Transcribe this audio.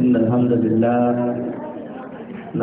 إن الحمد لله